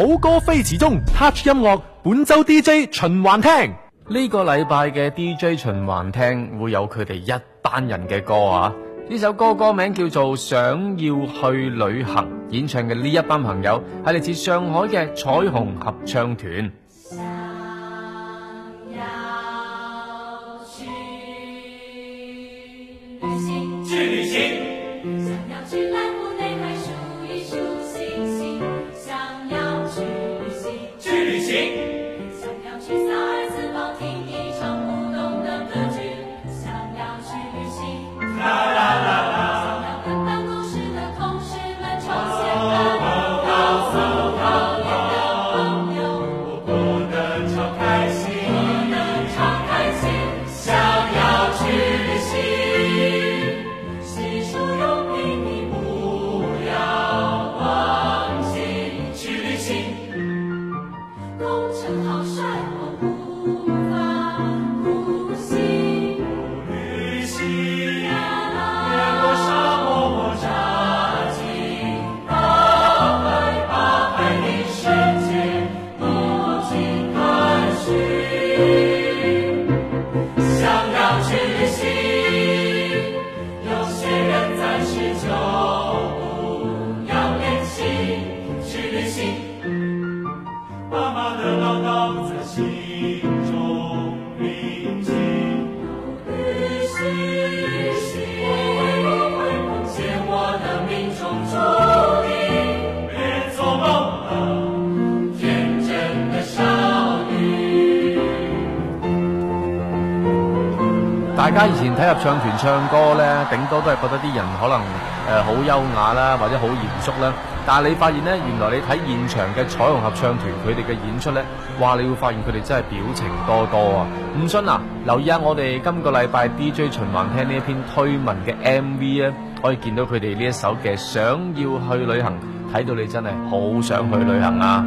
好歌飛馳中，Touch 音樂本周 DJ 循環聽，呢個禮拜嘅 DJ 循環聽會有佢哋一班人嘅歌啊！呢首歌歌名叫做《想要去旅行》，演唱嘅呢一班朋友係嚟自上海嘅彩虹合唱團。大家以前睇合唱團唱歌呢，頂多都係覺得啲人可能誒好優雅啦，或者好嚴肅啦。但係你發現呢，原來你睇現場嘅彩虹合唱團佢哋嘅演出呢，哇！你會發現佢哋真係表情多多啊！唔信啊，留意下我哋今個禮拜 DJ 循環聽呢一篇推文嘅 MV 啊，可以見到佢哋呢一首嘅想要去旅行，睇到你真係好想去旅行啊！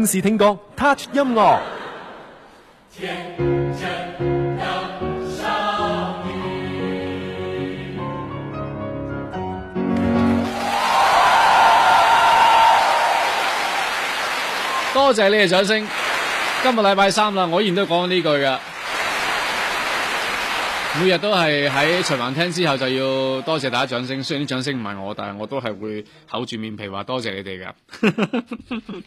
正式聽歌，Touch 音樂。天真的音，多謝你哋掌聲。今日禮拜三啦，我依然都講呢句噶。每日都係喺循環聽，之後就要多謝大家掌聲，雖然啲掌聲唔係我，但係我都係會厚住面皮話多謝你哋㗎。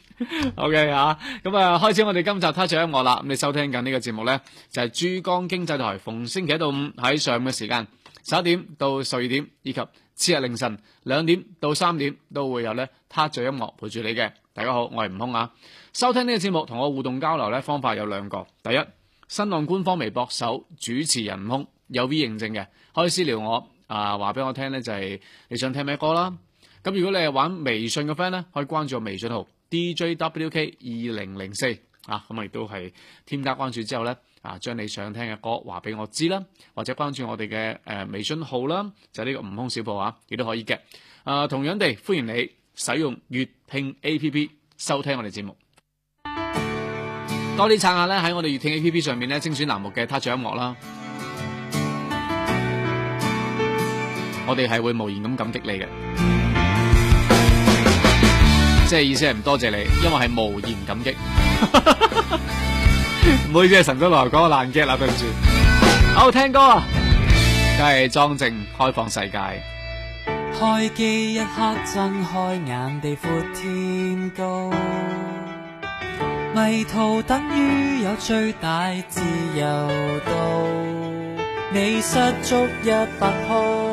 OK 啊，咁啊開始我哋今集他唱音樂啦。咁你收聽緊呢個節目呢，就係、是、珠江經濟台，逢星期一到五喺上午嘅時間十一點到十二點，以及次日凌晨兩點到三點，都會有呢他唱音樂陪住你嘅。大家好，我係悟空啊！收聽呢個節目同我互動交流呢方法有兩個，第一新浪官方微博搜主持人吳空。有 V 認證嘅，可以私聊我啊，話、呃、俾我聽呢就係、是、你想聽咩歌啦。咁如果你係玩微信嘅 friend 咧，可以關注我微信號 D J W K 二零零四啊。咁我亦都係添加關注之後呢，啊，將你想聽嘅歌話俾我知啦，或者關注我哋嘅誒微信號啦，就呢、是、個悟空小鋪啊，亦都可以嘅。啊，同樣地歡迎你使用粵聽 A P P 收聽我哋節目。多啲撐下呢，喺我哋粵聽 A P P 上面呢，精選欄目嘅 Touch 音樂啦。我哋係會無言咁感激你嘅，即係意思係唔多謝你，因為係無言感激。唔好意思啊，神都來講個爛劇啦，對唔住。好聽歌啊，梗係莊靜開放世界。開機一刻睜開眼，地闊天高，迷途等於有最大自由度。你失足一百步。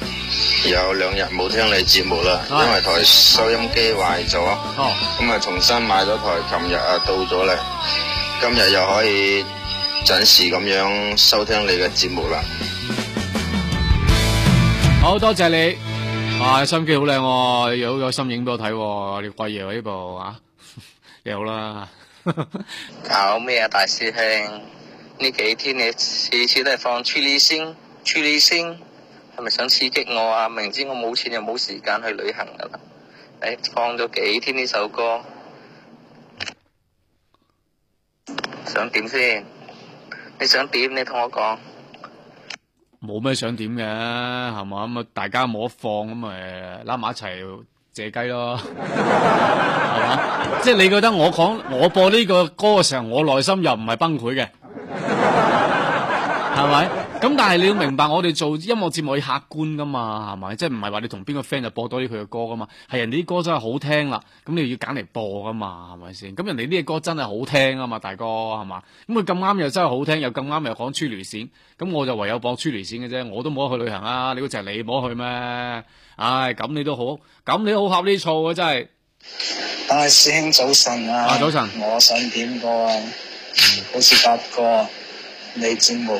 有兩日冇聽你節目啦，因為台收音機壞咗，咁啊重新買咗台，琴日啊到咗咧，今日又可以準時咁樣收聽你嘅節目啦。好多謝你，啊，新機好靚，又有心影俾我睇，你貴嘢喎呢部啊，你好啦。搞咩啊，大師兄？呢幾天你次次都係放處理聲，處理聲。係咪想刺激我啊？明知我冇錢又冇時間去旅行噶啦！誒，放咗幾天呢首歌，想點先？你想點？你同我講，冇咩想點嘅，係嘛咁啊？大家冇得放咁咪拉埋一齊借雞咯，係嘛？即係你覺得我講我播呢個歌嘅時候，我內心又唔係崩潰嘅，係咪？咁但係你要明白，我哋做音樂節目以客觀噶嘛，係咪？即係唔係話你同邊個 friend 就播多啲佢嘅歌噶嘛？係人哋啲歌真係好聽啦，咁你要揀嚟播噶嘛？係咪先？咁人哋呢啲歌真係好聽啊嘛，大哥係嘛？咁佢咁啱又真係好聽，又咁啱又講《春雷閃》，咁我就唯有播《春雷閃》嘅啫，我都冇得去旅行啊！你估就係你冇得去咩？唉，咁你都好，咁你都好合呢啲醋啊！真係。啊，師兄早晨啊！啊，早晨。我想點歌啊？好似八哥你節目。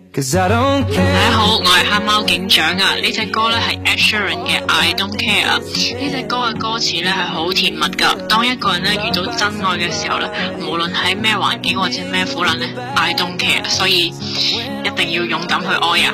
大家好，我係黑貓警長啊！呢隻歌咧係 Ed Sheeran 嘅 I Don't Care 啊！呢隻歌嘅歌詞咧係好甜蜜噶。當一個人咧遇到真愛嘅時候咧，無論喺咩環境或者咩苦難咧，I Don't Care，所以一定要勇敢去愛啊！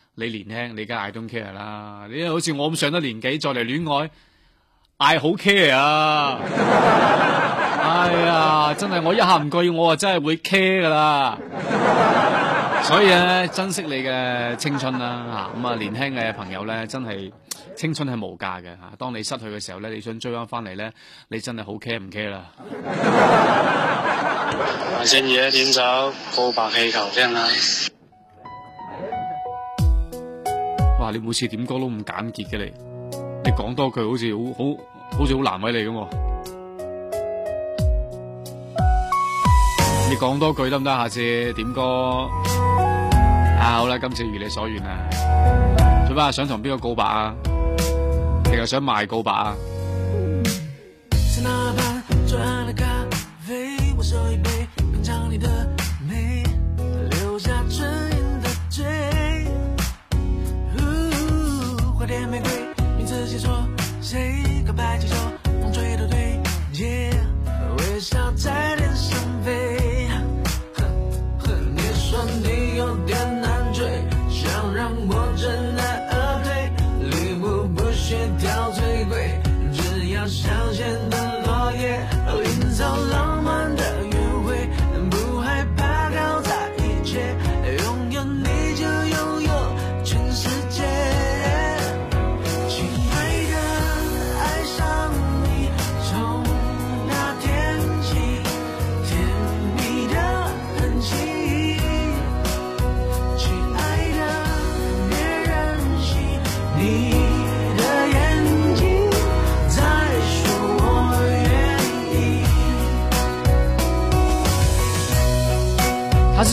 你年輕，你梗 Don't care 啦。你好似我咁上咗年紀再嚟戀愛，嗌好、 really、care 啊！ 哎呀，真係我一下唔注意，我啊真係會 care 噶啦。 所以咧、啊，珍惜你嘅青春啦、啊，吓、啊、咁啊，啊，年輕嘅朋友咧，真係青春係無價嘅吓。當你失去嘅時候咧，你想追翻翻嚟咧，你真係好 care 唔 care 啦。大聲嘢點走？告白氣球，聽啦！哇，你每次點歌都咁簡潔嘅你，你講多句好似好好好似好難為你咁，你講多句得唔得？下次點歌啊好啦，今次如你所願啦、啊。做咩想同邊個告白啊？其實想賣告白啊？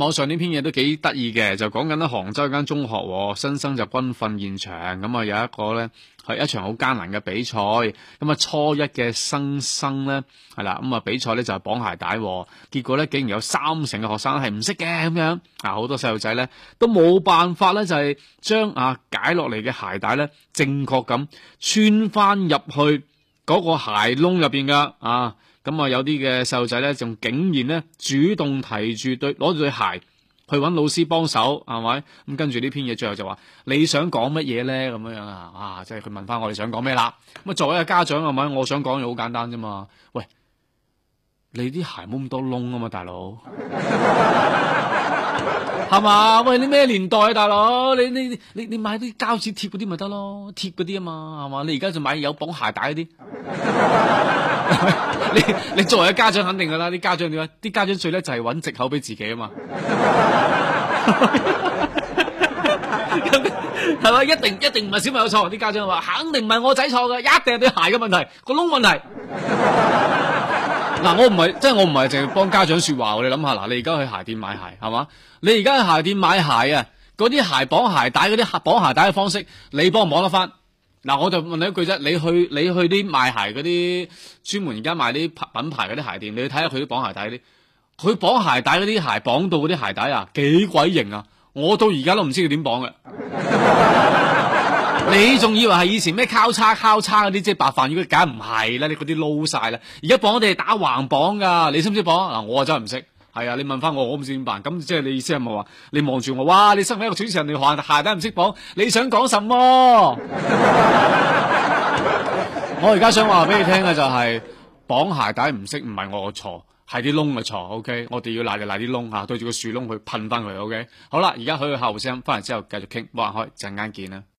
網上呢篇嘢都幾得意嘅，就講緊咧杭州一間中學新生就軍訓現場，咁啊有一個咧係一場好艱難嘅比賽，咁啊初一嘅新生咧係啦，咁啊、嗯、比賽咧就係綁鞋帶，結果咧竟然有三成嘅學生係唔識嘅咁樣，啊好多細路仔咧都冇辦法咧就係、是、將啊解落嚟嘅鞋帶咧正確咁穿翻入去嗰個鞋窿入邊噶啊。咁啊，有啲嘅細路仔咧，仲竟然咧主動提住對攞住對鞋去揾老師幫手，係咪？咁、嗯、跟住呢篇嘢，最後就話你想講乜嘢咧？咁樣樣啊，啊，即係佢問翻我哋想講咩啦？咁啊，作為一個家長啊，係咪我想講嘢好簡單啫嘛。喂，你啲鞋冇咁多窿啊嘛，大佬，係嘛？ 喂，你咩年代啊，大佬？你你你你買啲膠紙貼嗰啲咪得咯，貼嗰啲啊嘛，係嘛？你而家就買有綁鞋帶嗰啲？ 你你作為家長肯定噶啦，啲家長點啊？啲家長最叻就係揾藉口俾自己啊嘛，係 咪？一定一定唔係小朋友錯，啲家長話肯定唔係我仔錯嘅，一定係對鞋嘅問題，個窿問題。嗱， 我唔係，即係我唔係淨係幫家長說話。你諗下，嗱，你而家去鞋店買鞋係嘛？你而家去鞋店買鞋啊，嗰啲鞋綁鞋帶嗰啲鞋綁鞋帶嘅方式，你幫我幫得翻綁得翻？嗱，我就問你一句啫，你去你去啲賣鞋嗰啲，專門而家賣啲品牌嗰啲鞋店，你去睇下佢啲綁鞋帶啲，佢綁鞋帶嗰啲鞋綁到嗰啲鞋帶啊，幾鬼型啊！我到而家都唔知佢點綁嘅， 你仲以為係以前咩交叉交叉嗰啲即係白飯魚，梗係唔係啦？你嗰啲撈晒啦，而家綁我哋係打橫綁噶，你識唔識綁？嗱，我真係唔識。係啊，你問翻我，我唔知點辦。咁即係你意思係咪話你望住我？哇，你身為一個主持人，你鞋帶唔識綁，你想講什麼？ 我而家想話俾你聽嘅就係、是、綁鞋帶唔識，唔係我嘅錯，係啲窿嘅錯。OK，我哋要瀨就瀨啲窿吓，對住個樹窿去噴翻佢。OK，好啦，而家去個客戶聲音，翻嚟之後繼續傾，冇人開，陣間見啦。